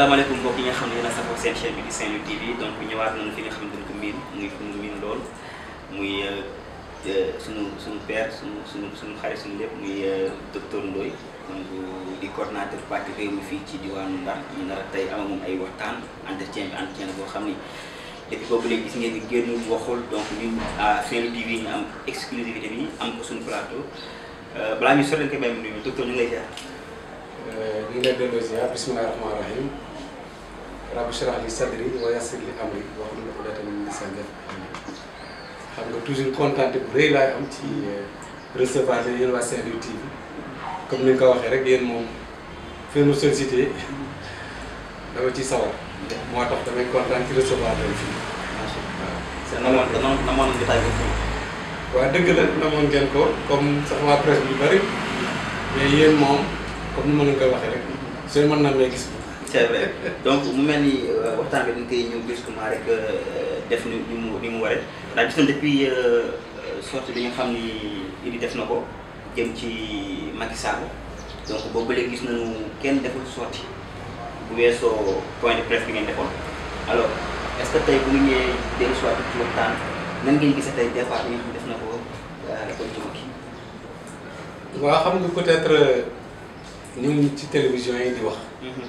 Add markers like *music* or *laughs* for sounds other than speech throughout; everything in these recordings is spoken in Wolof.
salaamaaleykum boo yi nga xam ne yéen a safoo seen chaîne bi di Saint-Louis TV donc ñëwaat nañu fi nga xam ne dañ miin muy fi mu miin lool muy euh, sunu sunu père sunu sunu sunu xarit lépp muy euh, docteur Ndoye donc di coordonnateur parti réew mi fii ci diwaanu Ndar ñu nar a tey ay waxtaan entretien bi boo xam ni depuis boobu léegi gis ngeen ni génn waxul donc ñun à saint am suñu plateau euh, balaa ñu sori dañ koy may rabbi shrah li sadri wa yassir li amri waxuñu ko data min nga toujours contenté bu ci euh, recevoir leen yéen waa saint TV comme ni nga ko waxee rek yéen moom fii mu sollicité dama ciy sawar moo tax damay kontaan ci recevoir leen fii. macha allah c'est namoon namoon jotaay bi waaw dëgg la namoon ngeen ko comme sax waa presse bi bari mais yéen moom comme ni ma waxee rek seen mën naa may gis. c'est donc mu mel ni euh, waxtaan bi dañ koy ñëw brusquement rek euh, def ni ni mu ni mu euh, bi nga xam ni Idy def na ko jëm ci Macky Sall donc boobu ba gis nañu kenn deful sortie bu weesoo point de presse bi ngeen defoon ko ci télévision yi di wax. Mm-hmm.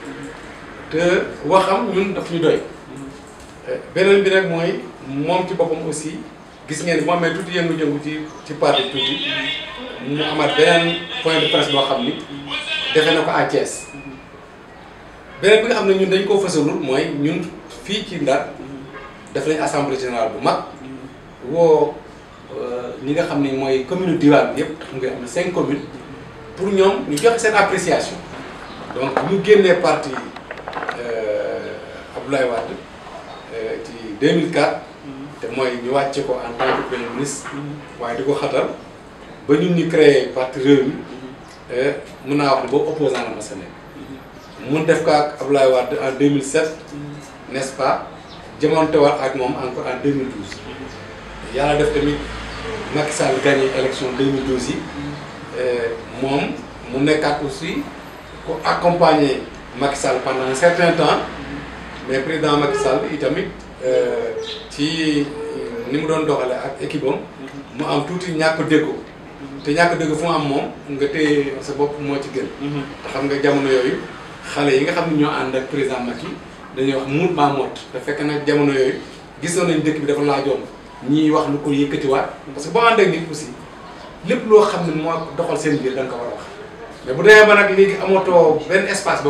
te waxam ñun daf ñu doy benen bi rek moy mom ci bopam aussi gis ngeen mo amé tout yëngu-yëngu ci ci parti tout yi ñu amat benen point de presse bo xamni defé nako na ko à Thiès beneen bi nga xam ñun dañ ko fassalul moy ñun fi ci Ndar daf nañ assemblée générale bu mag wo euh, ñi nga xam moy commune diwaan bi yëpp xam nga am 5 communes pour ñom ñu joxe sen appréciation donc ñu génné parti Abdoulaye Wade en eh, 2004. Mm-hmm. te mooy ñu wàcce ko en tant que premier ministre. Mais mm-hmm. il ko xatal ba ñun ñu créé parti Rewmi. Mm-hmm. Eh, mun naa wax ne boobu à la Sénégal sa nekk. def ko ak Abdoulaye Wade en 2007. n'est-ce pas jamonte war ak moom encore en 2012. yàlla def tamit Macky Sall gagné élection 2012 yi. Eh, moom mu nekkaat aussi accompagné accompagner Macky Sall pendant un certain temps. mais dama kisal Sall itamit eh, ci eh, ni mu doon doxale ak équipe am mu am tuti ñàkk déggoo mhm. te ñàkk déggoo fu mu am moom nga téye sa bopp moo ci gën mhm. te xam nga jamono yooyu xale yi nga xam ne ñoo ànd ak président Macky dañuy wax muut maa mott te fekk nag jamono yooyu gisoon nañ dëkk bi dafa laajoon ñiy wax lu ko yëkkatiwaat parce que boo ànd ak nit aussi lépp loo xam ne moo doxal seen biir da nga ko wax mais bu espace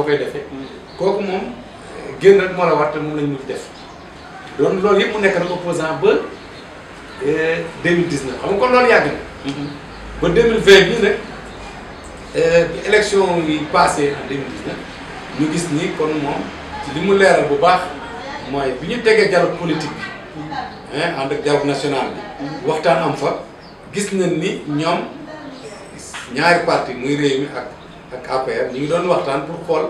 génn rek la donc loolu yëpp mu nekk opposant 2019 eh, xam nga loolu 2020 mhm. l'élection nag eh, bi élection en 2019 ñu gis ni kon ci bu baax dialogue politique bi le hein, dialogue national bi mhm. waxtaan am fa gis nañ ni ñaari parti muy mi ak ak APR pour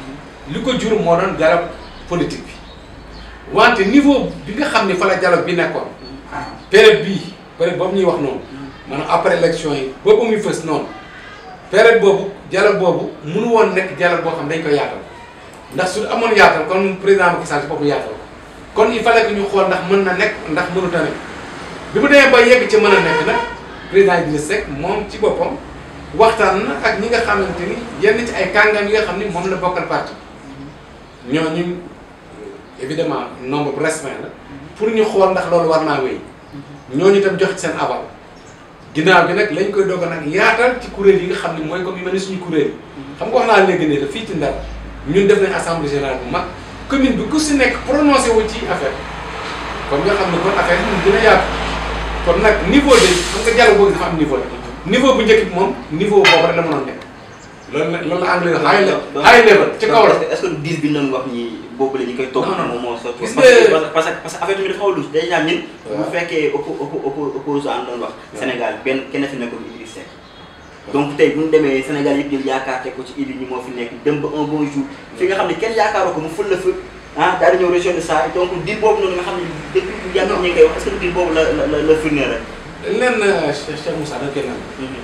li ko jur moo doon dialogue politique bi wante niveau bi nga xam ne fa la dialogue bi nekkoon période bi période boobu ñuy wax noonu maanaam après élection yi boobu muy fës noonu période boobu dialogue boobu munu woon nekk dialogue boo xam dañ ko yaatal ndax su amoon yaatal kon président Macky Sall si boppam yaatal ko kon il fallait que ñu xool ndax mën na nekk ndax mënut a nekk bi mu demee ba yegg ci mën a nekk nag président Idrissa Seck moom ci boppam waxtaan na ak ñi nga xamante ni yenn ci ay kàngam yi nga xam ni moom la bokkal parti ñooñu évidemment nombre bu restreint la pour ñu xool ndax loolu war naa wéy ñooñu itam jox ci seen aval ginnaaw bi nag lañ koy doog nag yaatal ci kuréel yi nga xam ne mooy comme yu mel ni suñu kuréel xam nga wax naa léegi ne fii ci Ndar ñun def nañ assemblée générale bu mag commune bi ku si nekk prononcé wu ci affaire kon nga xam ne kon affaire yi moom dina yaatu kon nag niveau de xam nga jàll boobu dafa am niveau la niveau bu njëkk moom niveau boobu re la mënoon nekk loolu la loolu la anglais high ci kaw la est diis bi ñu wax ñi boobu la ñu koy topp moom moo sotti parce que parce que affaire bi dafa xaw a lus déjà ñun bu fekkee opposant doon wax Sénégal benn kenn fi nekk Idriss Seck donc tey bu ñu demee Sénégal yëpp te ko ci Idriss ñi moo fi nekk dem ba un bon jour fi nga xam ne kenn yaakaaroo ko mu fël la fa ah boobu noonu nga xam ne depuis bu yàgg ñu ngi wax est-ce boobu la la la firnde rek lenn Cheikh Moussa da kenn mhm.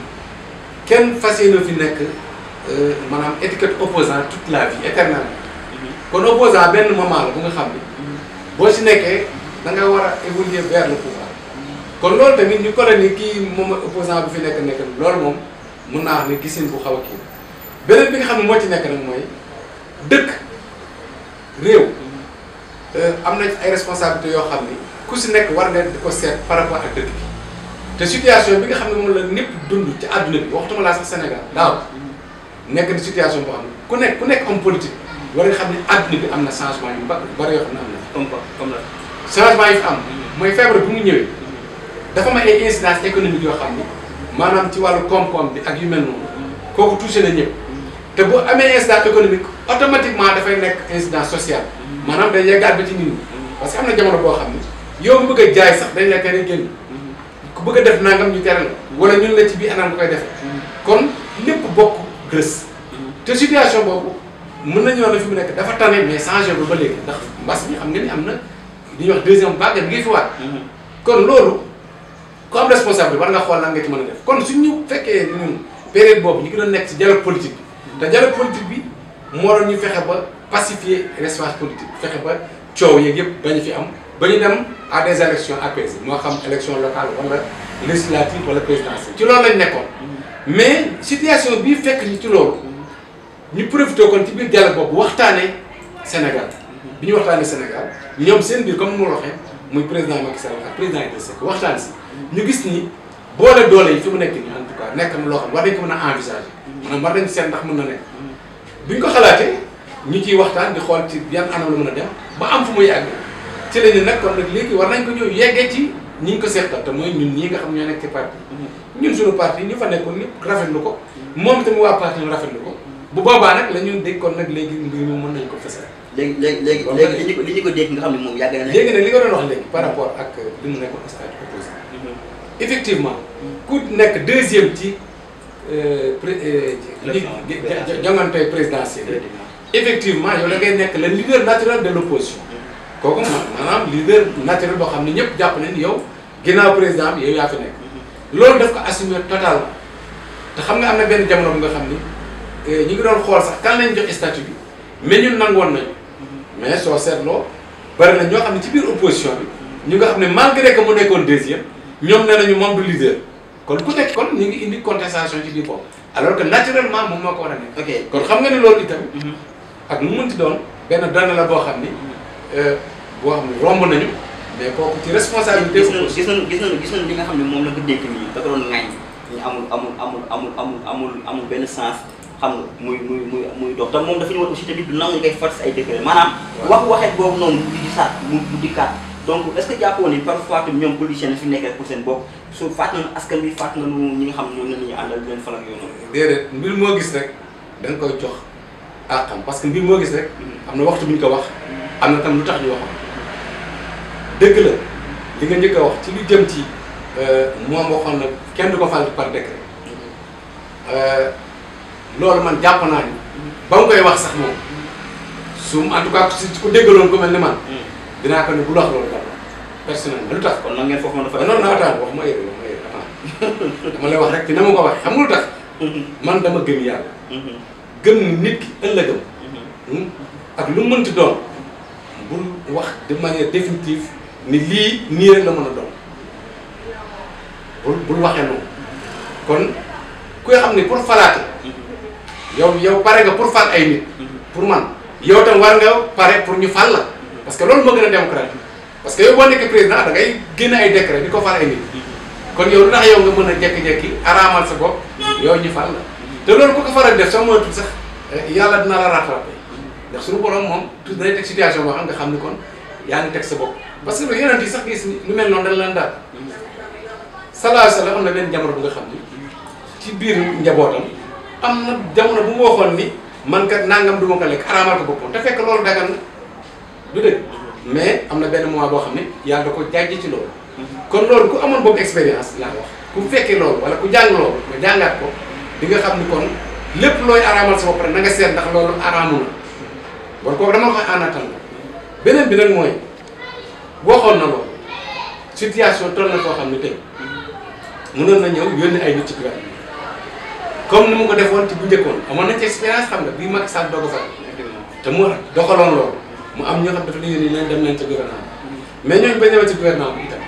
kenn fas fi nekk Euh, manam étiquette opposant toute la vie éternelle kon opposant benn moment bu nga xam ni boo si nekkee da nga wara a évoluer vers le pouvoir kon lool tamit ñu ko la ni ki mom opposant bu fi nekk nekk lool mom mun naa ni gisin bu xawa a kii beneen bi nga xam ne moo ci nekk nag mooy dëkk réew euh, am na ay responsabilités yoo xam ni ku si nekk war ne di ko seet par rapport ak dëkk bi te situation bi nga xam ne moom la ñëpp dund ci àdduna bi waxtuma laa sax Sénégal daaw nekk na situation boo xam ne ku nekk ku nekk homme politique war nga xam ne adduna bi am na changement yu ba bëri yoo xam ne am na changement yi am mm-hmm. mooy feebar bu mu ñëwee dafa am ay incidence économique yoo xam ne maanaam ci wàllu koom-koom bi ak yu mel noonu mm-hmm. kooku touché na ñëpp mm-hmm. te bu amee incidence économique automatiquement dafay nekk insidence sociale maanaam day yeggaat ba ci nii ñi parce que am na jamono boo xam ne yow bëgg a jaay sax dañ la tere génn ku bëgg a def nangam ñu tere la wala ñun la ci biir anam nga koy defee kon lépp gës. te situation boobu mun na nañoo ne fi mu nekk dafa tane mais changé ba ba léegi ndax mbas mi xam nga ni am na ñu ñuy wax deuxième vague mi ngi fi waat. Mhm. kon loolu ku am responsable war nga xool lan nga ci mën a def kon suñu fekkee ñun période boobu ñu ngi doon nekk ci dialogue politique bi. te dialogue politique bi moo doon ñu fexe ba pacifier espace politique fexe ba coow yeeg yëpp bañu fi am ba ñu dem à des élections apaisées moo xam élection locale wala législative wala présidentielle ci loolu lañ nekkoon. Mhm. mais situation bi fekk ni ci loolu ñu profité kon ci bir dialogue bobu waxtane Sénégal biñu waxtane waxtaanee Sénégal ñoom seen biir comme mu waxee muy président Macky Sall ak président de Seck waxtane si ñu gis ni boole doole yi fi mu nekk ni en tout cas nekk na loo xam war nañ ko mën a envisager. maanaam war nañ seet ndax mën na nekk. bi ko xalaatee ñu ciy waxtaan di xool ci yan anam la mën a dem ba am fu muy yàgg ci la ñu nag kon nag léegi war nañ ko ñëw yeggee ci ñi ñu ko seetal te mooy ñun ñii nga xam ñoo nekk ci parti ñun suñu parti ñu fa nekkoon ñëpp rafetlu ko moom tamit waa parti ñu rafetlu ko bu boobaa nag la ñu dégg kon nag léegi mbir mi mën nañ ko fësal léegi léegi léegi léegi li ñu ko li ñu ko dégg nga xam ne moom yàgg na léegi nag li nga doon wax léegi par rapport ak li mu nekkoon stade opposé effectivement ku nekk deuxième ci euh, euh, jongante présidentielle effectivement yow da ngay nekk le leader naturel de l' opposition kooku maanaam leader naturel boo xam ne ñëpp jàpp nañ yow ginnaaw président bi yow yaa fi nekk loolu daf ko assumer total te xam nga am na benn jamono bu nga xam ni eh, ñu ngi doon xool sax kan lañ jox statut bi mais ñun nangoon nañu mais soo seetloo bari na ñoo xam ne ci biir opposition bi ñu nga xam ne malgré que mu nekkoon deuxième ñoom ne nañu moom du leader kon ku nekk kon ñu ngi indi contestation ci biir bopp alors que naturellement moom moo ko war a nekk. ok kon xam nga ne loolu itam. Mhm. ak mu munti doon benn donne la boo xam ni eh, boo xam ni romb nañu. mais kooku ci responsabilité. gis nañu gis xam ne moom la ko dénk nii amul amul amul amul amul benn sens xam nga muy muy muy muy dox te moom dafa ñu war aussi ay décret maanaam. wax waxet boobu noonu du gisaat mu du dikkaat. donc est ce que jàppoon ni parfois tamit ñoom politiciens fi nekk pour seen bopp so faat nañu askan bi faat nañu ñi nga xam ñoom la ñuy àndal mbir moo gis rek da nga jox àqam parce que mbir moo gis mm. am na waxtu bu ko wax am na tam lu tax ñu wax dëgg la li nga njëkk a wax ci lu jëm ci euh, moom waxoon na kenn du ko fal par décret euh, loolu man jàpp naa ni ba mu koy wax sax moom su en tout cas si ku déggaloon ko mel ni man hmm. dinaa ko ne bu wax loolu dara personnellement lu tax. kon nag ngeen foofu mën a fa. non non wax ma yëg ma yëg attends hmm. dama lay wax rek ci na ma ko hmm. man dama gëm yàlla. gëm ni nit ki ëllëgam. ak lu mu mënti doon bul wax ma manière définitive. ni li ni rek la mëna a doon bul bul waxee kon ku nga xam pour falaté yow yow paré nga pour fal ay nit pour man yow tam war nga paré pour ñu fal la parce que loolu mo gëna a parce que yow bo nek président da ngay gën ay décret diko fal ay nit kon yow lu tax yow nga mëna a jekki aramal sa bok yow ñu fal la té loolu ku ko faral def soo moytul sax yalla eh, dina la rattraper ndax suñu borom mom tout day tek situation bo xam nga xamni kon yaangi tek sa bok parce que yonent yi sax gis lu mel noonu dañ leen daal salaahu salaam am na benn jamono bu nga xam ni ci biir njabootam am na jamono bu mu waxoon ni man kat nangam du ma ko lekk araamal ko boppam te fekk loolu dagan na du dëgg mais am na benn mois boo xam ne yàlla da ko jàjj ci loolu. kon loolu ku amoon boobu expérience laa wax ku fekkee loolu wala ku jàng loolu nga jàngaat ko di nga xam ni kon lépp looy araamal sa bopp rek na nga seet ndax loolu araamu na bon beneen bi nag mooy. waxoon na loolu situation toll na koo xam ne tey mënoon na ñëw yónni ay nit ci biir comme ni mu ko defoon ci bu njëkkoon amoon na ci expérience xam nga bii Macky Sall doog fa te mu doxaloon loolu mu am ñoo xam dafa ne yéen nañ dem nañ ca ma mais ñooñu ba ñëwee ci gouvernement bi itam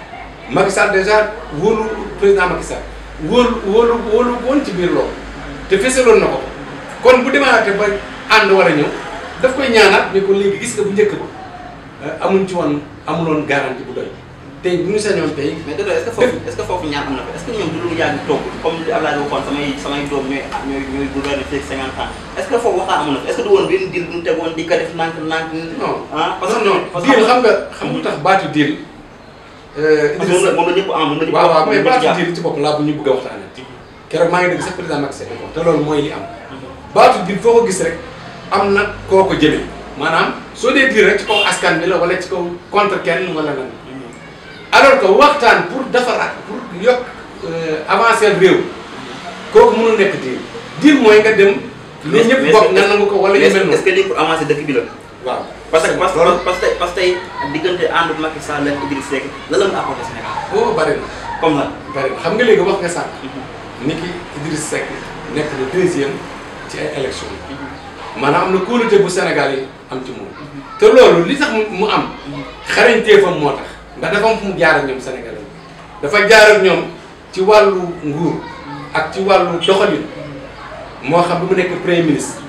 Macky Sall dèjà wóolu président Macky Sall wóolu wóolu wóolu woon ci biir loolu te fesaloon na ko kon bu demaatee ba ànd war a ñëw daf koy ñaanaat ni gis bu njëkk ba. Euh, amuñ ci woon amuloon garantie bu doy tey bu ñu sañoon tey. mais déedéet est am na fa est-ce que ñoom du lu yàgg toog comme li Abdoulaye waxoon samay samay doom ñooy ñooy ñooy gouverner fii 50 ans est-ce que na ah, parce que non deal xam nga tax baatu deal. moom la moom la ñëpp mais baatu deal ci bopp laa bu ñu bëgg a waxtaanee. keroog maa ngi dégg sax mooy li am. Mhm. baatu deal foo ko gis rek am na koo ko jëlee maanaam soo dee biir rek ci kaw askan bi la wala ci kaw contre kenn wala lan alors que waxtaan pour defaraat pour yokk euh, avancer réew kooku mënul nekk diir diir mooy nga dem li ñëpp bokk nga nangu ko wala yu mel noonu est-ce que lii pour avancer dëkk bi la waaw parce que parce que parce que diggante ànd Macky Sall ak Idriss Seck la la mën a apporter Sénégal boo oh, bari na comme la bari xam nga léegi wax nga sànq mhm. ni ki Idriss Seck nekk le deuxième ci ay maanaam am na kóolute bu Sénégal yi am ci moom te loolu li tax mu am xarañteefam moo tax ndax dafa am fu mu jaar ak ñoom Sénégal yi dafa jaar ak ñoom ci wàllu nguur ak ci wàllu doxalin moo xam bi mu nekk premier ministre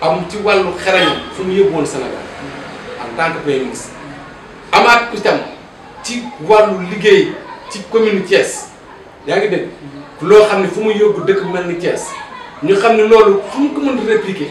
am ci wàllu xarañam fu mu yóbbu woon Sénégal en tant que premier ministre amaat itam ci wàllu liggéey ci commune Thiès yaa ngi dégg loo xam ne fu mu yóbbu dëkk mel ni Thiès ñu xam ne loolu fu mu ko mën répliquer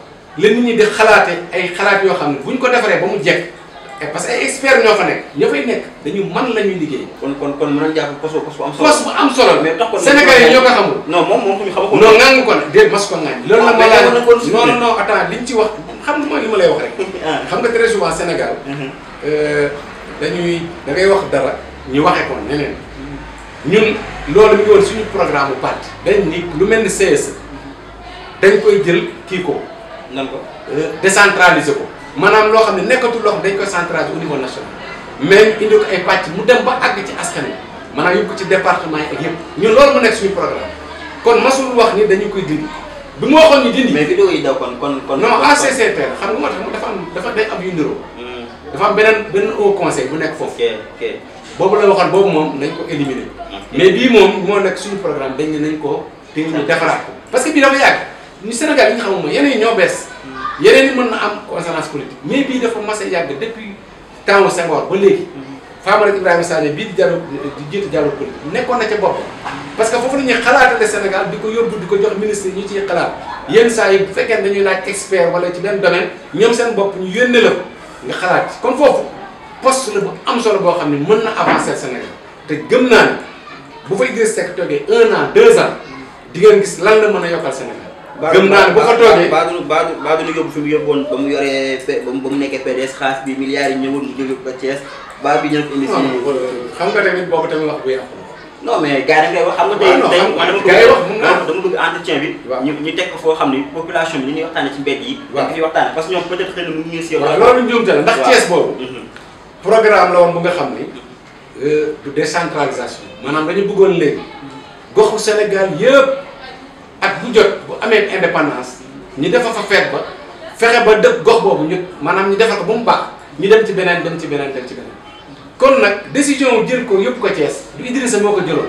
la nit ñi di xalaate ay xalaat yoo xam ne bu ñu ko defaree ba mu jekk parce que ay expert ñoo fa nekk ñoo fay nekk dañu man la ñuy liggéey. kon kon kon mën nañu jàpp poste bu am solo. poste bu am solo mais tax Sénégalais yi ñoo ko xamul. non moom moom ñu xamul ko. non ngangu ko nag déedéet mas ko ngañ. loolu la ma laaj non non non attends liñ ci wax xam nga mooy li ma lay wax rek. *laughs* Ah. xam nga très souvent Sénégal. Mhm. Euh, dañuy da ngay wax dara ñu waxee ko neneen mhm. ñun loolu mi ngi woon suñu programme bu parti dañ ni lu mel ni CSE dañ koy jël kii ko. nan ko décentraliser ko maanaam loo xam ne nekkatul loo xam dañ ko centraliser au niveau national mais indi ko ay pàcc mu dem ba àgg ci askan wi maanaam yóbbu ko ci département yi ak yëpp ñun loolu mu nekk suñu programme kon masul wax ni dañu koy dindi bi mu waxoon ñu dindi mais vidéo yi daw kon kon kon non ACCT la xam nga moo dafa am dafa day am yu hmm. dafa am beneen beneen haut conseil mu nekk foofu boobu la waxoon boobu moom nañ ko éliminer hmm. mais bii moom moo nekk suñu programme dañ nañ ko te ñu defaraat parce que bii dafa yàgg ni Sénégal yi nga xamuma yeneen ñoo bees yeneen yi mën na am consonance politique mais bii dafa mas a yàgg depuis temps Senghor ba léegi Famara Ibrahima Sané bii di dialogue di jiitu dialogue politique nekkoon na ca bopp parce que foofu la ñuy xalaatale Sénégal di ko yóbbu di ko jox ministre yi ñu ciy xalaat yenn saa yi bu fekkee dañuy laaj expert wala ci benn domaine ñoom seen bopp ñu yónnee la ko nga xalaat ci kon foofu post la bu am solo boo xam ne mën na avancer Sénégal te gëm naa ne bu fay Idrissa Seck toogee un an di ngeen gis lan la mën a yokkal Sénégal gëm naa ne bu fa toogee Badou Badou Badou la yóbbu fi mu yóbboon ba mu yoree ba mu nekkee PDS xaalis bi milliards yi ñëwul mu jóge ba Thiès ba bi ñëw indi si xam nga tamit boobu tamit wax bi am non mais gars yi ngay wax xam nga tey ah, tey man dama bëgg dama bëgg entretien bi ñu ñu teg ko foo xam ni population bi ñu ngi waxtaane ci mbedd yi dañ fi waxtaane parce que ñoom peut-être xëy na mu ngi si yow loolu njuumte la ndax Thiès boobu mhm. programme la woon bu nga xam ni du euh, décentralisation maanaam dañu bëggoon léegi goxu Sénégal yëpp ak bu jot bu amé indépendance ñi défa fa fête ba fexé ba dëkk gox bobu ñu manam ñi défa ko bu mu baax ñi dem ci benen dem ci benen dem ci benen kon nak décision jël ko yëpp ko ciess du Idrissa moko jëlo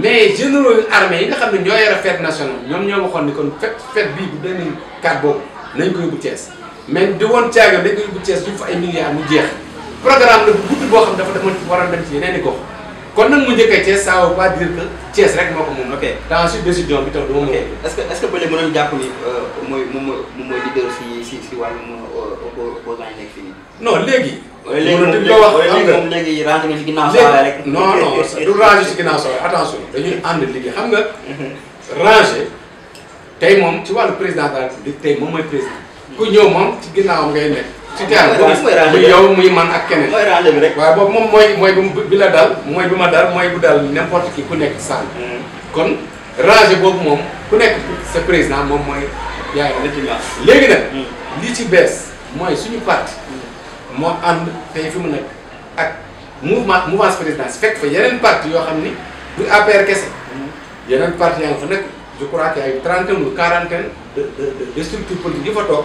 mais généraux armée yi nga xamné ñoy yara fête nationale ñom ñoo waxon ni kon fête fête bi bu dañu carte bobu nañ ko yóbbu ciess mais di won caaga dañ ko yóbbu ciess du fa ay milliards mu jeex programme la bu gudd bo xam dafa dem ci waral dem ci yeneen gox kon nag mu njëkkee Thiès ça veut pas dire que Thiès rek moo ko moom ok te ensuite décision bi tam du ma est ce que est ce que Baldé mënoon jàpp ni euh, mooy moom mooy leader si si si wàllum euh, opposant yi nekk fii non li wax am nga léegi rangé nga ci ginnaaw soxla rek. non non *laughs* du rangé ci nga. Mhm. rangé tey moom ci wàllu président de la République tey moom mooy président. Mhm. ku ñëw moom ci ginnaawam ngay nekk. ci teel muy yow muy man ak keneen. mooy rangé bi rek. waaye boobu moom mooy bi la daal mooy bi ma dal mooy bu dal n'importe qui ku nekk sànni. Hmm. kon rangé boobu moom ku nekk sa président moom mooy. yaa ngi ci léegi nag. Hmm. li ci bees mooy suñu parti. Hmm. moo ànd tey fi mu nekk ak mouvement mouvance présidence fekk fa yeneen parti yoo xam ni du APR kese. yeneen parti yaa ngi nekk je crois qu'il y a une trentaine ou quarantaine de de yi fa toog.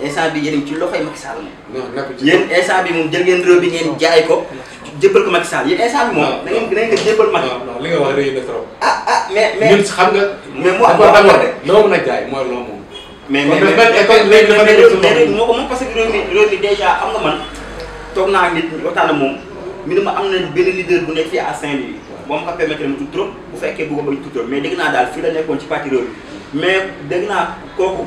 instant bi yéen ci loxoy Macky Sall la. non nekk ci bi moom jël ngeen réew bi ngeen jaay ko. jébbal ko Macky Sall yéen bi moom. na ngeen na ngeen na trop. ah ah mais mais ñun xam nga. d' a moom. moom parce que réew mi réew nga man toog naa nit waxtaan ak moom mi ma am na benn leader bu nekk fii à Saint-Louis. moom ko permettre mu tudd trop bu fekkee bëgg bañ tudd trop mais dégg naa daal fii la nekkoon ci parti réew mi mais dégg naa kooku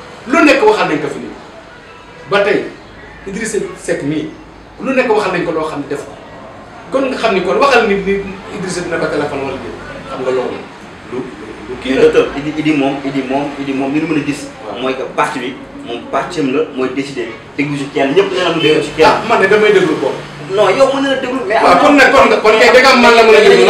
lu nekk waxal nañ ko fi nii ba tey Idrissa Seck mii lu nekk waxal nañ ko loo xam ne def ko kon nga xam ni kon waxal nit ni Idrissa dina ko téléphone wala jël xam nga loolu lu lu kii la docteur idi idi moom idi moom idi moom li nu mën a gis mooy que parti bi moom parti am la mooy décidé déglu si kenn ñëpp nee na lu déglu si kenn ah, man ne damay déglu ko non yow mën na la déglu mais. waaw kon kon nga kon kay dëggam man la mën a déglu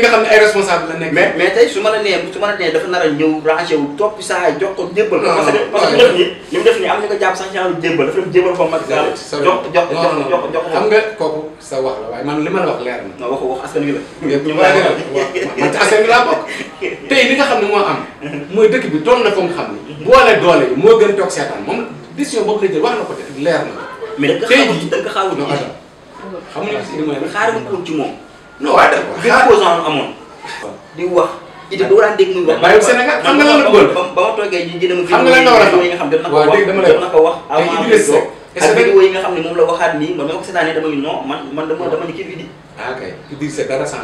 nga xam ne ay responsable la nekk. mais mais tey su ma la nee nee dafa a ñëw rangé wu topp saa jox ko jébbal. parce que parce que am na ko jàpp sax genre jébbal dafa def jébbal foofu Macky Sall. jox jox jox jox jox xam nga man leer na. non waxu wax askan wi la. ñu man ci askan li nga xam ne moo am. mooy dëkk bi doon na ko nga xam ne. boole doole yi moo gën toog seetaan moom décision boobu la jël wax na ko leer na mais da nga xamul da nga xamul xamuñu si li mu ne xaaral ko ci moom. non waaye dama ko Sénégal xam nga lan la bëggoon ba ma toogee ji jënd ma. xam nga lan la war a xam nga xam jot na ko na ko wax. moom la waxaat nii man ma ko seetaanee man man dama dama ah,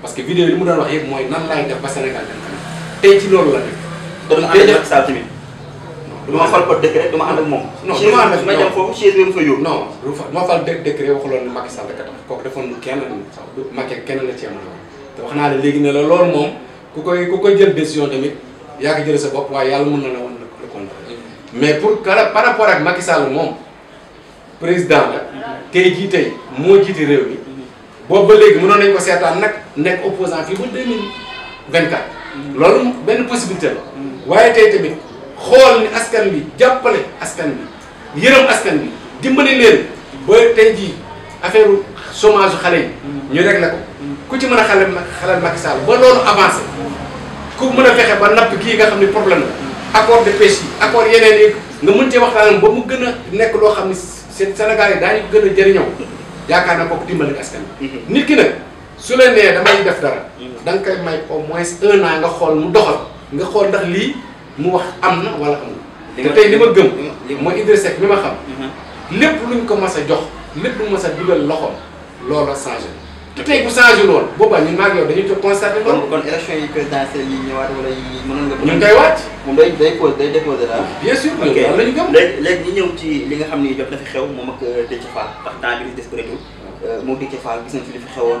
parce que vidéo yi wax yëpp mooy nan laay def ba Sénégal dem kanam tey ci loolu la nekk. kon tey jii du ma fal ko décret du ma ànd ak moom. non du ma ànd ak ma fa yóbbu. non du fa du waxuloon ne Macky Sall rek kooku defoon kenn du Macky kenn la ci am te wax naa la léegi ne la loolu moom ku koy ku koy jël décision tamit yaa ko sa bopp waaye yàlla mën na la woon le contraire mm. mais pour par rapport ak Macky Sall moom président la tey jii tey moo jiite réew mi mm. boobu ba léegi mënoon nañ ko seetaan nag nekk opposant fii ba 2024 mm. loolu benn possibilité la waaye tey tamit xool ni askan bi jàppale askan bi yërëm askan bi dimbali leen ba tey jii affaire chômage xale yi. ñu rek réglé ko ku ci mën a xale xalal Macky Sall ba loolu avancé ku mën a fexe ba napp kii nga xam ne problème la accord de pêche yi accord yeneen yi nga mën cee ba mu gën a nekk loo xam ne seen Sénégal yi daañu gën a jëriñoo yaakaar na kooku dimbali askan bi mm-hmm. nit ki nag su la nee damay def dara da nga koy may au moins un an nga xool mu doxal nga xool ndax lii mu wax am na wala amul. te tey li ma gëm. mooy Idrissa Seck mi ma xam. Mhm. lépp luñ ko mas a jox lépp lu mas a dugal loxoom loola changé te tey bu changé lool boobaa ñun maag yow dañuy toog constaté loolu. kon élection yi présidentielle yi ñëwaat wala yi mënoon nga. ñu ngi koy waaj. moom day day pose day déposé daal. bien sûr la ñu gëm. léegi léegi ci li nga xam ni jot na fi xew moom ak euh, Déthié Fall ndax temps bi des bëreetul. Euh, moom Déthié Fall gis nañ fi li fi xewoon.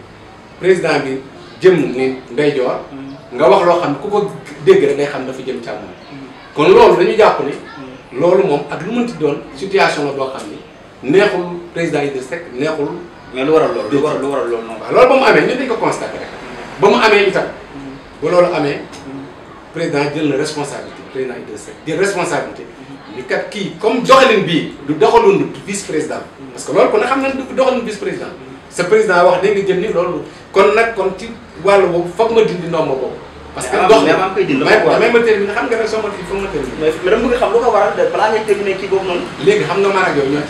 président bi jëm ni ndeyjoor nga wax loo xam ku ko dégg rek day xam dafa jëm càmmoñ kon loolu dañu jàpp ni loolu moom ak lu mënti doon situation la boo xam ni neexul président Idriss Seck neexul mais lu waral loolu lu waral lu waral loolu noonu waaw loolu ba mu amee ñun dañ ko constaté rek ba mu amee itam ba loolu amee président jël na responsabilité président Idriss Seck jël responsabilité ni kat kii comme doxalin bii du doxalin vice président parce que loolu kon na xam ne du doxalin vice sa président wax ne nga jëm ni loolu kon nag kon ci wàll boobu foog ma dindi ndomba boobu. parce que ndox mi am koy dindi ma terminer xam nga rek soo ma foog ma terminer. mais mais dama bëgg xam lu ko waral balaa ngay terminer kii boobu noonu. Ah, *laughs* la laaj.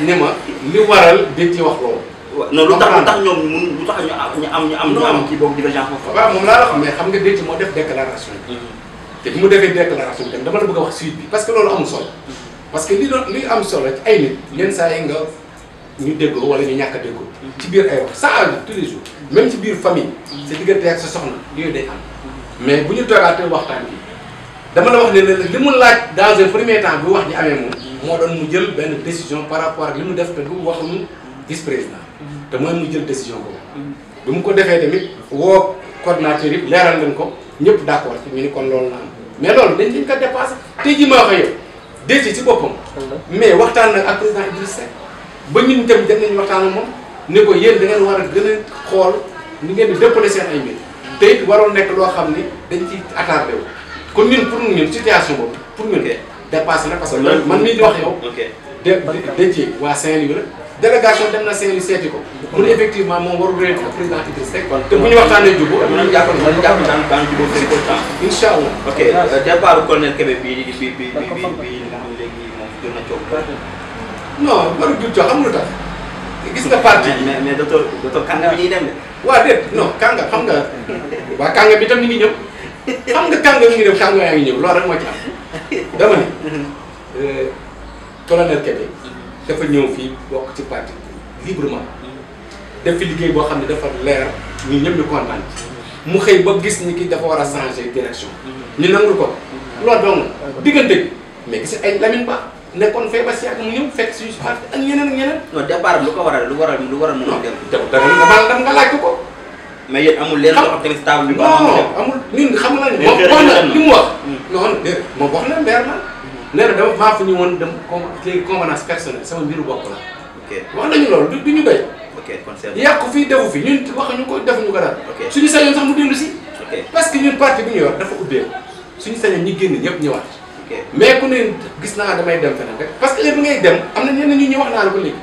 ne ma li waral dëcc wax loolu non lu tax lu tax ñoom mun lu tax ñu am ñu am ñu am. ñu am kii boobu divergence foofu. waaw moom xam mais xam nga denc moo def déclaration bi. Mhm. te bi mu defee déclaration bi tam dama la bëgg a wax suite bi parce que loolu amul solo. Mhm. parce que li doon li am solo ay nit. yenn saa yi nga ñu déggoo wala ñu ñàkk a déggoo. Mhm. ci biir ay wax ça arrive tous les jours. même ci biir famille. sa diggante ak sa soxna yooyu de am. mais bu ñu toogaatee waxtaan bi dama la wax ne li mu laaj dans un premier temps wax ji amee moom. moo doon mu jël benn décision par rapport ak li mu def te du waxuñu vice te mooy mu jël décision boobu. bi mu ko defee tamit woo coordinateur yi leeral ngeen ko ñëpp d' accord ci ñu ni kon loolu la mais loolu dañ ko dépassé tey jii maa ko yow déedéet ci boppam. mais waxtaan nag ak président Idriss Seck ba ñun tamit dem ñu waxtaan ak moom ne ko yéen da ngeen war a gën a xool ni ngeen di dëppale seen ay mbir te it nekk loo xam ni dañ ciy attardé wu. kon ñun pour ñun situation boobu pour ñun de dépassé na parce que. man mii di wax yow. ok de de waa Saint-Louis la. délégation dem na seeni seeti ko. mu ne effectivement moom warul réer ak président Idriss Seck. kon te bu ñu waxtaanee jubóo. dinañ jàpp ne dinañ jàpp daan daan jubóo seen temps. incha allah ok euh, départ colonel Kébé bii di bii bii bii bii léegi moom jot na coow. non waru jur coow xam nga lu tax. gis nga parti bi mais mais docteur ñuy dem de. waa déet non kànga xam nga. waa kànga bi tam ni ngi ñëw. xam nga kànga mi ngi dem kànga yaa ngi ñëw loolu dafa ñëw fii bokk ci parti librement def fi boo xam ne dafa leer ñun ñëpp ñu kontaan ci mu xëy ba gis ni kii dafa war a changer direction ñu nangul ko loolu dong diggante mais gis ay Lamine Ba nekkoon fee ba si yàgg mu ñëw fekk suñu parti ak ñeneen ak ñeneen non départ lu ko waral lu waral lu waral mënul dem dem dara nga baal dam nga laaj ko ko mais yéen amul leen loo xam tamit stable bi non amul ñun xam nañ moom wax na li mu wax non déet moom wax na leer na nena na dama maa fa ñu woon dem com convenance personnelle sama mbiru bokk la. ok wax nañu lool du ñu bay ok kon yaq fi defu fi ñun ñu ko ñu ko dal ok suñu sañu sax mu dindu ci ok parce que ñun parti bi ñu yor dafa ubbe suñu sañu ñi génn ñëpp ñëwaat. ok mais ku ne gis naa damay dem fa rek parce que heure bi ngay dem amna na ñu ñu wax na la ko legi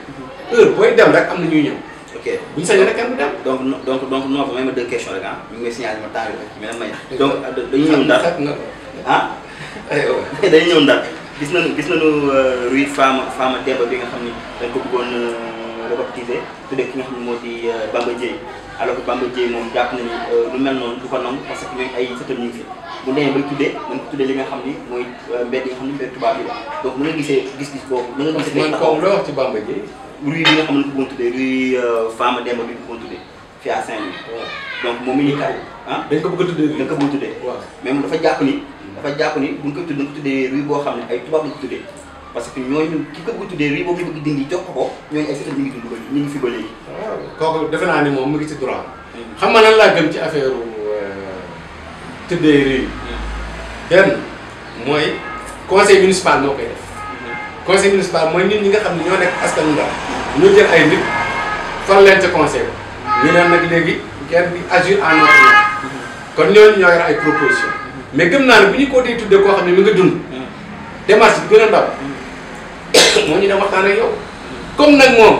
heure boy dem rek amna na ñuy ok bu sañu rek dem. donc donc donc non ba deux questions rek ah ñu ngi may signaler ma temps rek mais may. donc euh, dañu ñëw ndax ah Eh, oh, aywa *laughs* day ñëw ndar gis nañu gis nañu euh, ruy Fama Fama Demba bi nga xam ni dañ ko bëggoon euh, rebaptiser tuddee ki nga xam ne moo di euh, Bamba Dieye alors que Bamba Dieye moom jàpp na ni lu mel noonu du ko nangu parce que ñoom ay sëtam ñu ngi tuddee nañ ko tuddee xam ni mooy mbedd yi nga xam ni mbedd tubaab yi la donc na nga gisee gis-gis boobu na nga gisee. wax ci Bamba Dieye. ruy bi nga xam ne ko bëggoon tuddee ruy Fama Demba bi ko bëggoon tuddee fii à Saint-Louis. donc moom mi ngi kaay ah. dañ ko bëgg a tuddee dañ ko bëgg a tuddee. waaw mais moom dafa jàpp ni dafa jàpp ni buñ ko tudd tuddee rue boo xam ne ay tubaab lañ ko tuddee parce que ñooñu ki ko bëgg tuddee rue boobu ñu bëgg dindi jox ko ñooñu ay sëriñ ñu ngi dund ba ñu ngi fi ba léegi ah, kooku defe naa ni moom mu ngi ci droit xam nga lan laa gëm ci affaire euh, tuddee rue benn mooy conseil municipal moo koy def conseil municipal mooy nit ñi nga xam ne ñoo nekk askan ndaw ñu jël ay nit far leen ca conseil ñu nag léegi kenn bi agir en notre kon ñooñu ñoo ay proposition mais gëm naa ne bu ñu ko dee tuddee koo xam ne mi nga dund hmm. démarche bi gën a ndaw hmm. moo ñu dem waxtaan ak yow comme nag moom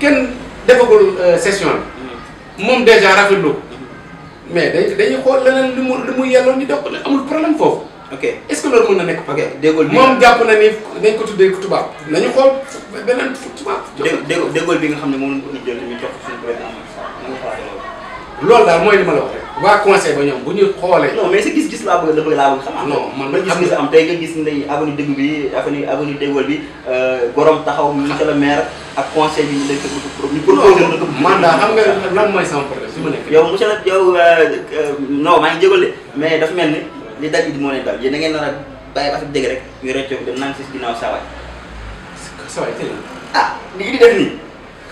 kenn defagul euh, session bi hmm. moom déjà rafetlu ko mais dañuy xool leneen lu mu lu mu yelloon ñu def ko amul problème foofu. ok est-ce que loolu na nekk. ok déggoo bi moom jàpp na ni nañ ko tuddee tubaab. nañu xool beneen tubaab. dé bi nga xam ne moom la ñu ko jël ñu jox ko suñu président loolu daal mooy li ma la wax waa conseil ba ñoom bu ñu xoolee. non mais sa gis-gis laa bëgg laa bëgg xam. non man man gis-gis am tey nga gis ndey avenue dëgg bi avenue avenue Dégueul bi euh, gorom le man daal xam lan mooy sama yow monsieur le yow euh, euh, non maa mais dafa mel ni li it moo leen dal yéen da ngeen nar a bàyyi affaire dëgg rek ñu rëccoo dem naan si ginnaaw saa waay. saa waay ah li di def nii.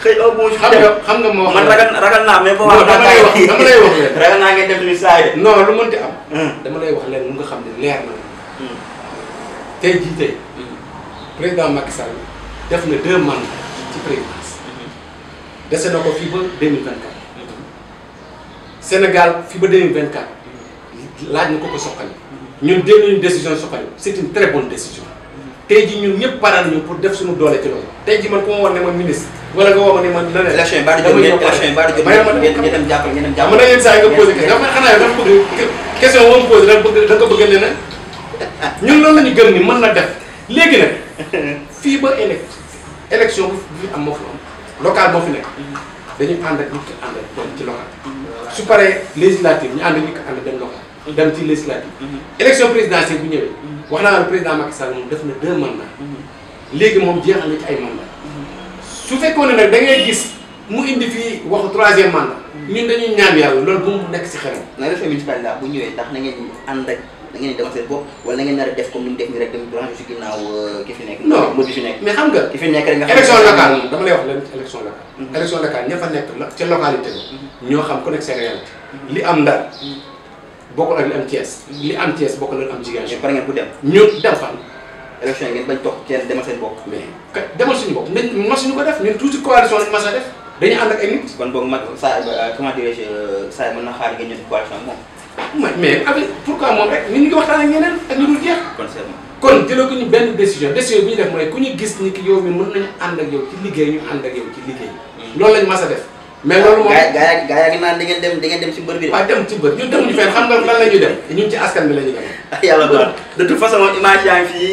xëy na boo xam nga xam nga moo. man ragal ragal naa mais boo. dama lay wax dama lay wax leen ragal naa ngeen def lu saa yi non lu mënti am. Hmm. dama lay wax leen mu nga xam ne leer na. Hmm. tey jiite tey président Macky Sall def na deux mandats ci présidence. Hmm. dese na ko fii ba deux mille Sénégal fii ba deux mille vingt laaj na ko ko soxali. ñun dégg nañu décision soxali c' est une très décision. tey ji ñun ñëpp pare nañu pour def suñu doole ci loolu tey ji man ku ma woon ne man ministre wala nga woo ma ne man leneen élection yi baada jot élection yi baada jot ñu dem jàppale ñu dem jàppale mën na yenn saa yi nga posé question man xanaa yow dafa bëgg question boo ma posé da bëgg da nga bëgg leneen ñun loolu la ñu gëm ni mën na def léegi nag fii ba élec élection bu fi am moo fi am local moo fi nekk dañu ànd ak ñu ci ànd ak dem ci local su paree législative ñu ànd ak ñu ko ànd dem local dem ci législative mm-hmm. élection présidentielle bu ñëwee wax naa la président Macky Sall moom def na deux mandats léegi moom jeexal na ci ay mandats su fekkoon ne nag da ngay gis mu indi fii waxu troisième mandat ñun dañuy ñaan yàlla loolu bu mu nekk si xelam. na def bu ñëwee ndax na ngeen ànd ak a def comme ni mu def nii rek dem branche ginnaaw euh, ki fi nekk. non moo di fi nekk mais xam nga. ki fi nekk rek nga xam élection locale moom dama lay wax leen élection locale. Mhm. élection locale ña mhm. ñoo xam ku nekk seen réalité. li am ndar. Mhm. bokkul ak li am Thiès li am Thiès bokkul ak am Ziguinchor. mais pare ngeen ko dem. ñu dem fan. élection yi ngeen bañ toog bok, demal seen bopp. mais kat demal suñu bok nañ masuñu ko def ñun toujours coalition lañ mas a def dañu ànd ak ay nit. kon bok mag saa euh, comment dirais je euh, saa mën na xaar ngeen ñëw coalition ak mais avec pourquoi moom rek ñun ñu waxtaan ak ñeneen ak ñu jeex. kon c'est bon. kon jëloo ko ñu benn décision décision bi ñu def mooy ku ñu gis ni ki yow mi mën nañu ànd ak yow ci liggéey ñu ànd ak yow ci liggéey. Hmm. loolu lañ mas a def mais loolu moom gaa di *laughs* ya, eh, ngeen dem di ngeen dem si mbër bi. waaw dem ci mbër ñu dem ñu fenn xam nga lan la dem ñun ci askan bi la dem. yàlla doon de toute façon image yaa ngi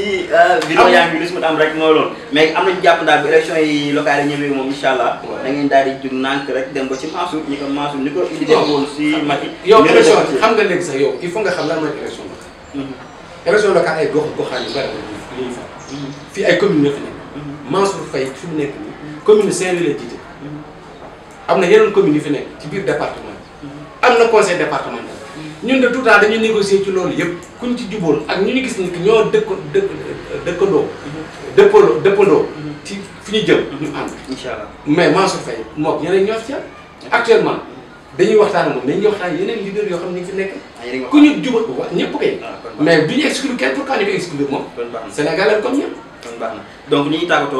vidéo yaa fi lu am rek mooy mais am nañu élection yi yi da ngeen daal di jug rek dem ba ci Mansour ñi ko Mansour ni ko indi dem woon si Macky. yow élection xam nga léegi sax yow il faut nga xam lan mooy élection locale. élection locale ay gox goxaan yu ay commune fi fi commune Saint-Louis y avons yeneen communes dans fi département Nous a conseil départemental de tout temps nous négocier ci loolu deux kuñ ci avons ak ñu nous gis ni ñoo en train De ci faire. mais moi, actuellement dañuy waxtaan moom dañuy waxtaan yeneen leader yo xamni fi nek ah, ku ñu kay ah, mais du pourquoi ñu exclure sénégalais comme donc ñuy tagoto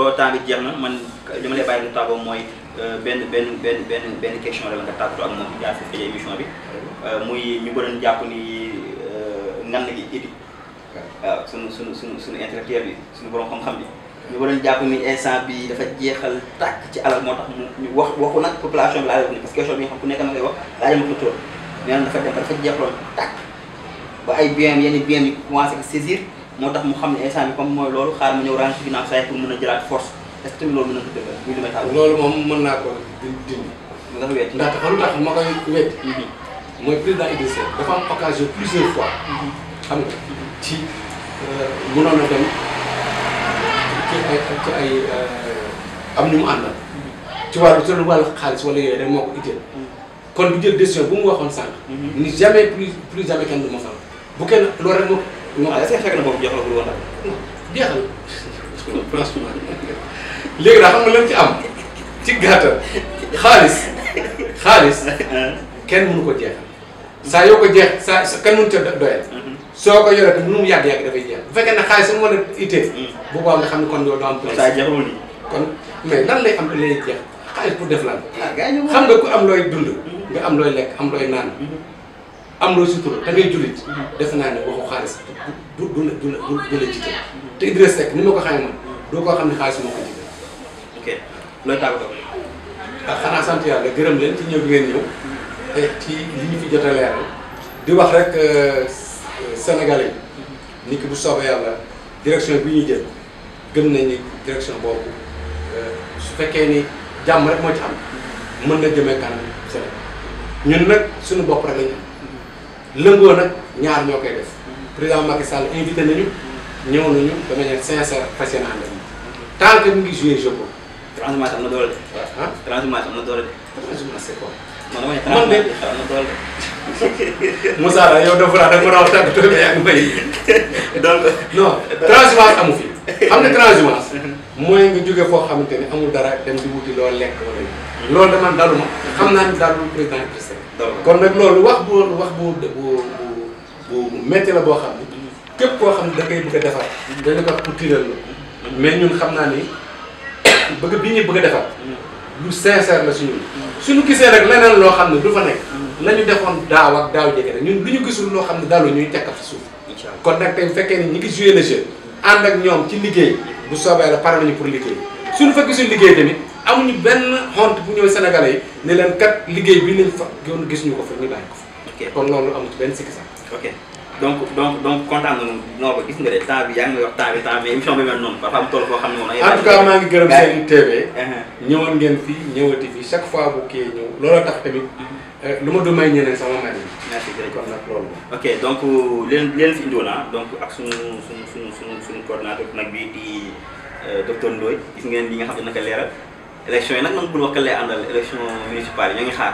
man dama lay Euh, benn benn benn benn benn question la nga tàggatoo ak moom di bi. Euh, muy ñu ko jàpp ni nan la ñuy sunu sunu sunu sunu bi sunu borom xam-xam bi. jàpp ni instant bi dafa jeexal tàkk ci alal moo tax mu wax waxu nag population bi laajal ko ni parce que question bi wax laajal ma dafa dem dafa jeexaloon tàkk ba ay biens yenn biens yi commencé moo tax mu xam ne instant bi comme mooy loolu xaar ma ñëw range ci ginnaaw saa pour mën a jëlaat force. est-ce que mën na ko dëggal muy li may moom mën naa ko dindi. ndax wecc ndax xam lu ma koy wecc. Mhm. mooy président Idrissa Seck dafa am occasion plusieurs fois. Mhm. xam nga ci euh, mu na dem ci ay ay euh, am ñu mu àndal. Mhm. ci wàllu ci wàllu xaalis wala yooyu rek moo ko itteel. kon lu jël décision bu mu waxoon sànq. ni jamais plus plus jamais kenn du ma fal. bu kenn loolu rek moo. moo ah, est-ce que fekk na boobu jox la ko woon daal. jeexal. *laughs* franchement. *laughs* léegi daal xam nga leen ci am ci gàttal xaalis xaalis kenn mënu ko jeexal saa yoo ko jeex saa kenn mënu ca doyal soo ko yoree mënu mu yàgg-yàgg dafay jeex bu fekkee ne xaalis sama wala ittee bu xam ne kon yow doo am saa pour def lan ah, xam nga ku am looy am looy lekk am looy naan mm-hmm. am looy sutura da ngay jullit mm-hmm. naa ne waxu xaalis du du ni ma ko xamee xam ne ok looy tàggatoo. ah xanaa sant yàlla gërëm leen ci ñëw bi ngeen ñëw te eh, ci li ñu fi jot a leeral di wax rek euh, sénégalais yi nit bu soobee yàlla direction bi ñu jël gëm nañ direction boobu euh, su fekkee ni jàmm rek moo ci am mën na jëmee kanam Sénégal ñun nag suñu bopp rek la ñu lëngoo nag ñaar ñoo koy def président Macky Sall invité nañu ñëw nañu de manière sincère fas yéene ànd tant mu ngi joué jeu transhumance am na doole de. ah transhumance am na de. transhumance c'est man na doole de. la *laughs* yow da nga mën a wax tàggatoo mais ak mbay donc non transhumance amu fi xam ne transhumance. mooy nga jóge foo xamante ne amul dara dem di wuti loo lekk wala loolu dama dalu xam naa ni dalul président Idrissa Seck. kon nag loolu wax bu wax bu bu bu bu métti la boo xam ne. képp koo xam ne da ngay a defar. dañu ko wax ñun xam naa ni. bëgg bi ñuy bëgg a defar lu sincère la suñu suñu gisee rek leneen loo xam ne du fa nekk la ñu defoon daaw ak daaw jege rek ñun lu ñu gisul loo xam ne dalu ñuy tekkaf si suuf kon nag tey fekkee ni ñi ngi joué le jeu ànd ak ñoom ci liggéey bu soobee la pare nañu pour liggéey suñu fa gisul liggéey tamit amuñu benn honte bu ñëw sénégalais yi ne leen kat liggéey bi ni lañ fa gis ñu ko fa ñu bàyyi ko fa kon loolu amul benn sikki sax donc donc donc kontaan nañu non ba gis nga de temps bi yaa ngi may wax temps bi temps mais émission bi mel noonu dafa am tool boo xam ne moom. en tout cas maa ngi gërëm seen TV. Uh-huh. ñëwoon ngeen fii ñëwati fii chaque fois bu kii ñëw loola tax tamit. Mm-hmm. Euh, lu ma du may ñeneen sama mari. merci jërëjëf kon nag loolu. ok donc leen leen fi indiwoon ah donc ak suñu suñu suñu suñu suñu coordinateur nag bi di euh, docteur Ndoye gis ngeen li nga xam ne naka leeral élection yi nag man bu ñu wax ka lay àndal élection municipale yi ñoo ngi xaar.